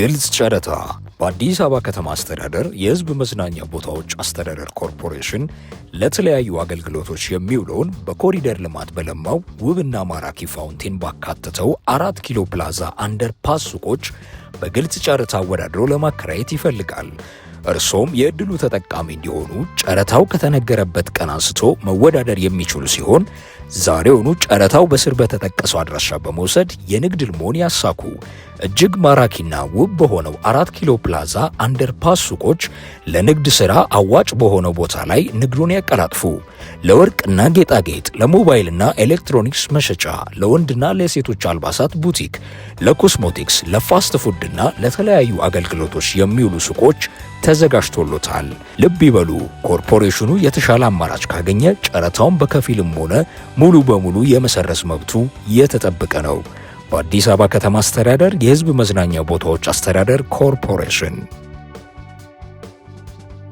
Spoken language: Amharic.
ግልጽ ጨረታ በአዲስ አበባ ከተማ አስተዳደር የሕዝብ መዝናኛ ቦታዎች አስተዳደር ኮርፖሬሽን ለተለያዩ አገልግሎቶች የሚውለውን በኮሪደር ልማት በለማው ውብና ማራኪ ፋውንቴን ባካተተው አራት ኪሎ ፕላዛ አንደርፓስ ሱቆች በግልጽ ጨረታ አወዳድሮ ለማከራየት ይፈልጋል። እርሶም የዕድሉ ተጠቃሚ እንዲሆኑ ጨረታው ከተነገረበት ቀን አንስቶ መወዳደር የሚችሉ ሲሆን ዛሬውኑ ጨረታው በስር በተጠቀሰው አድራሻ በመውሰድ የንግድ ልሞን ያሳኩ። እጅግ ማራኪና ውብ በሆነው አራት ኪሎ ፕላዛ አንደርፓስ ሱቆች ለንግድ ሥራ አዋጭ በሆነው ቦታ ላይ ንግዱን ያቀላጥፉ። ለወርቅና ጌጣጌጥ፣ ለሞባይልና ኤሌክትሮኒክስ መሸጫ፣ ለወንድና ለሴቶች አልባሳት ቡቲክ፣ ለኮስሞቲክስ፣ ለፋስት ፉድና ለተለያዩ አገልግሎቶች የሚውሉ ሱቆች ተዘጋጅቶሎታል። ልብ ይበሉ፣ ኮርፖሬሽኑ የተሻለ አማራጭ ካገኘ ጨረታውን በከፊልም ሆነ ሙሉ በሙሉ የመሰረዝ መብቱ የተጠበቀ ነው። በአዲስ አበባ ከተማ አስተዳደር የህዝብ መዝናኛ ቦታዎች አስተዳደር ኮርፖሬሽን